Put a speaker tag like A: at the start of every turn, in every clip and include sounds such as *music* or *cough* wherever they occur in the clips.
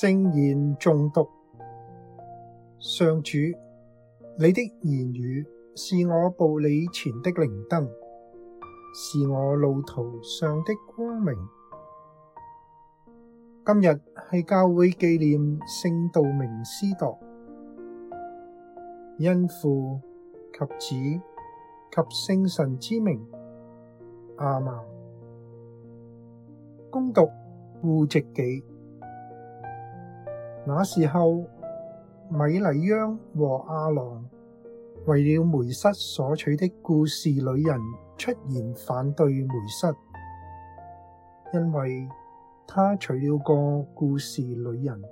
A: 聖言誦讀，上主，你的言語是我步履前的靈燈，是我路途上的光明。今日係教會紀念聖道明司鐸，因父及子及聖神之名，阿們。恭讀戶籍紀。那時候，米黎盎和亞郎為了梅瑟所娶的僱士女人出言反對梅瑟，因為他娶了個僱士女人。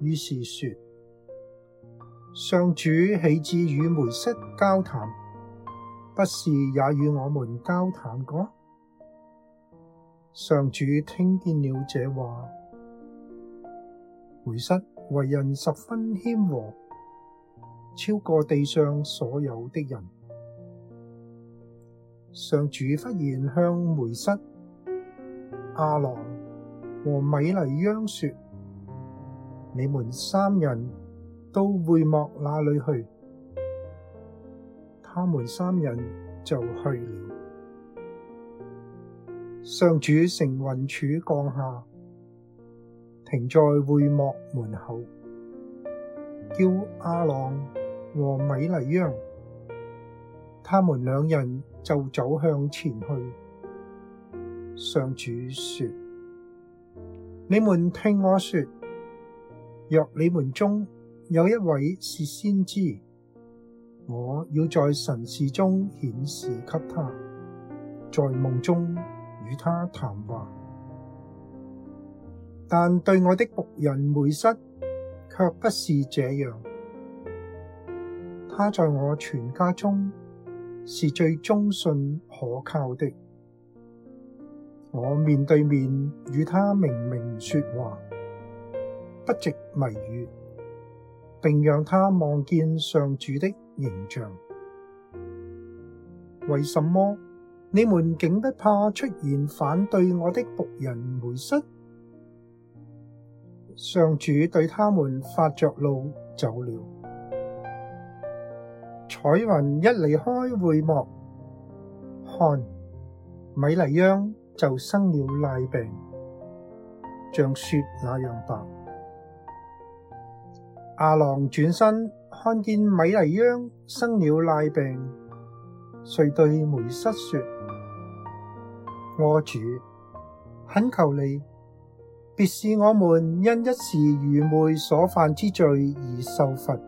A: 於是說：上主豈只與梅瑟交談，不是也與我們交談過？上主聽見了這話。梅瑟為人十分謙和，超過地上所有的人。上主忽然向梅瑟、亞郎和米黎盎說：你們三人到會幕那裏去？他們三人就去了。上主乘雲柱降下。停在會幕門口，叫亞郎和米黎盎，他們兩人就走向前去，上主說：你們聽我說，若你們中有一位是先知，我要在神視中顯示給他，在夢中與他談話。但對我的僕人梅瑟卻不是這樣。他在我全家中是最忠信可靠的。我面對面與他明明說話，不藉謎語，並讓他望見上主的形像。為什麼你們竟不怕出言反對我的僕人梅瑟？上主對他們發着怒走了，彩雲一離開會幕，看，米黎盎就生了癩病，像雪那樣白。亞郎轉身看見米黎盎生了癩病，遂對梅瑟說：我主，懇求你。別使我們因一時愚昧所犯之罪而受罰，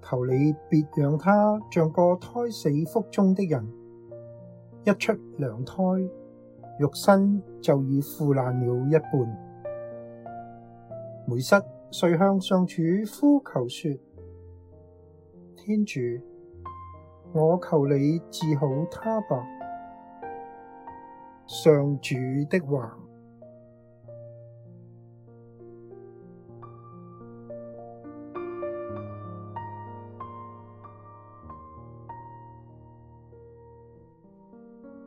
A: 求你別讓她像個胎死腹中的人，一出娘胎，肉身就已腐爛了一半。梅瑟遂向上主呼求說：天主，我求你治好她吧。上主的話。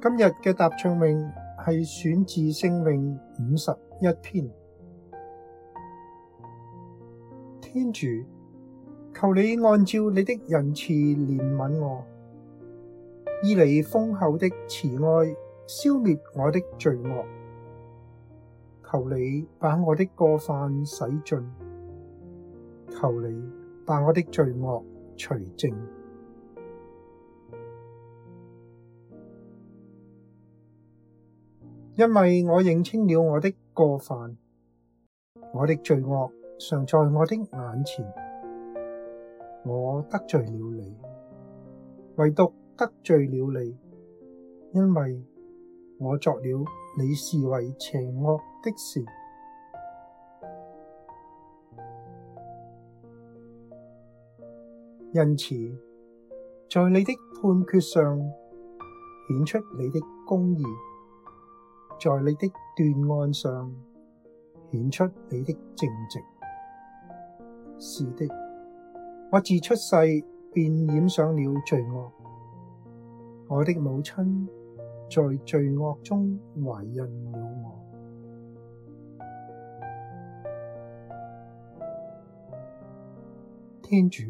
A: 今日嘅答唱詠，係選自聖詠五十一篇，天主，求你按照你的仁慈憐憫我，以你豐厚的慈愛消滅我的罪惡，求你把我的過犯洗盡，求你把我的罪惡除淨。因為我認清了我的過犯，我的罪惡常在我的眼前，我得罪了你，唯獨得罪了你，因為我作了你視為邪惡的事，因此在你的判決上顯出你的公義。在你的斷案上顯出你的正直。是的，我自出世便染上了罪惡。我的母親在罪惡中懷孕了我。天主，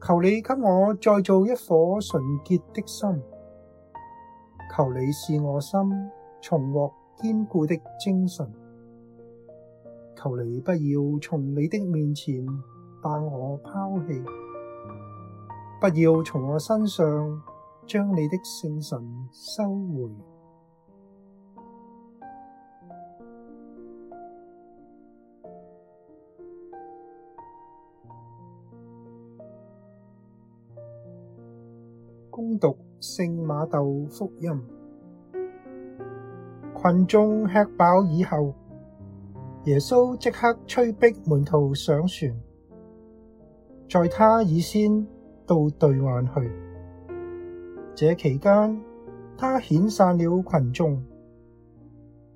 A: 求你給我再造一顆純潔的心。求你使我心，重獲堅固的精神，求你不要從你的面前把我拋棄，不要從我身上將你的聖神收回。 *noise* 恭讀聖瑪竇福音。群眾吃飽以後，耶穌即刻催逼門徒上船，在他以先到對岸去。這期間，他遣散了群眾。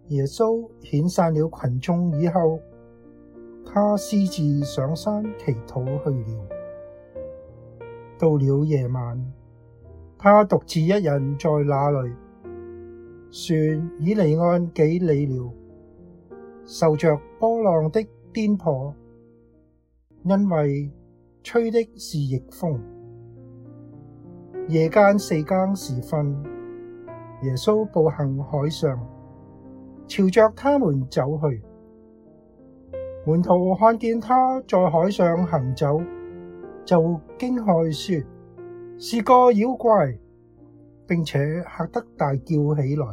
A: 耶穌遣散了群眾以後，他私自上山祈禱去了。到了夜晚，他獨自一人在那裏。船已離岸幾里了，受着波浪的顛簸，因為吹的是逆風。夜間四更時分，耶穌步行海上，朝着他們走去。門徒看見他在海上行走，就驚駭說：是個妖怪！並且嚇得大叫起來。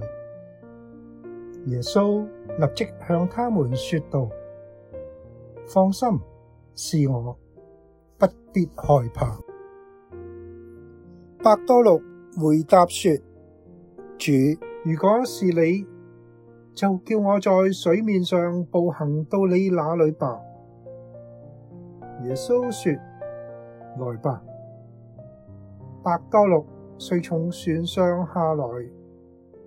A: 耶穌立即向他們說道：放心，是我不必害怕。伯多祿回答說：主，如果是你，就叫我在水面上步行到你那裏吧。耶穌說：來吧，伯多祿。」遂從船上下來，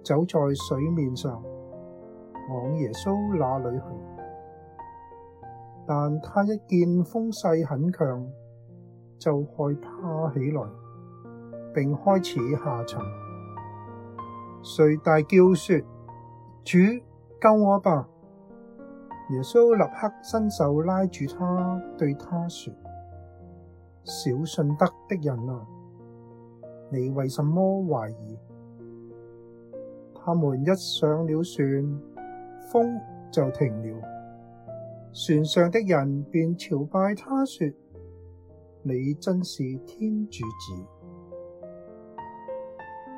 A: 走在水面上，往耶穌那裏去。但他一見風勢很強，就害怕起來，並開始下沉。遂大叫說：主，救我吧！耶穌立刻伸手拉住他，對他說：小信德的人啊！你為什麼懷疑？他們一上了船，風就停了。船上的人便朝拜他，說：你真是天主子。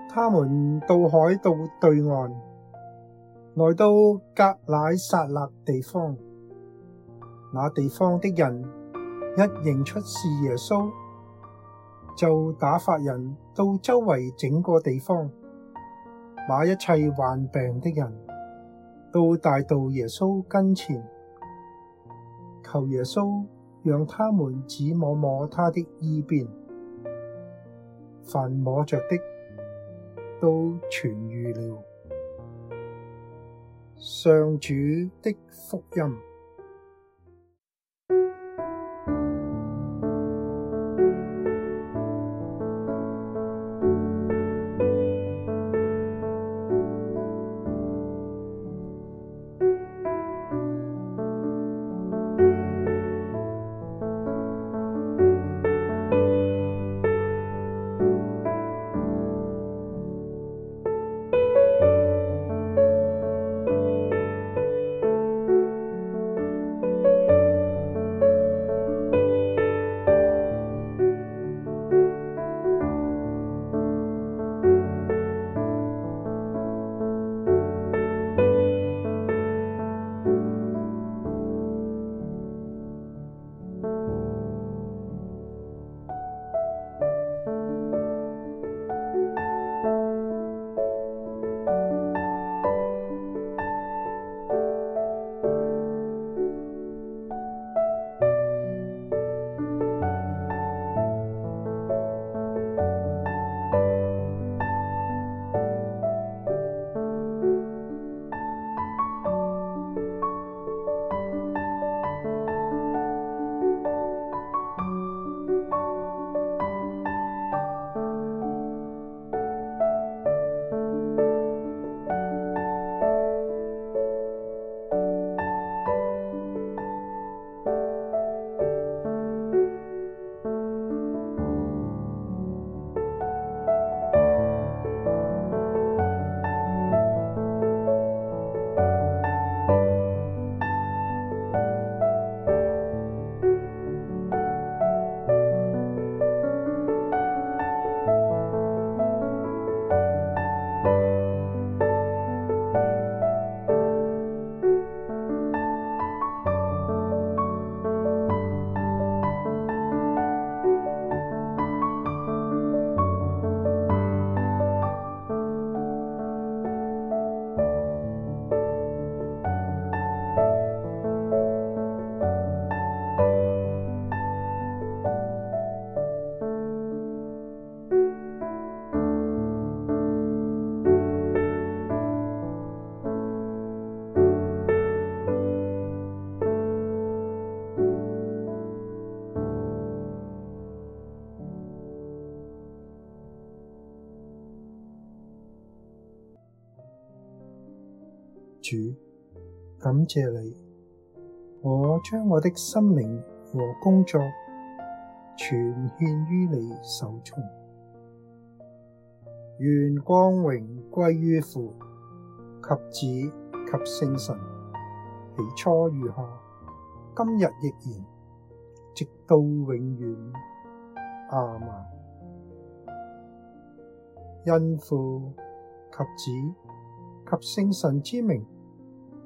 A: 他們渡海到對岸，來到革乃撒勒地方。那地方的人一認出是耶穌，就打發人。到周圍整個地方，把一切患病的人都帶到耶穌跟前，求耶穌讓他們只摸摸他的衣邊，凡摸着的都痊愈了。上主的福音。主感謝你，我將我的心靈和工作全獻於你手中，願光榮歸於父及子及聖神，起初如何，今日亦然，直到永遠。阿們，因父及子及聖神之名。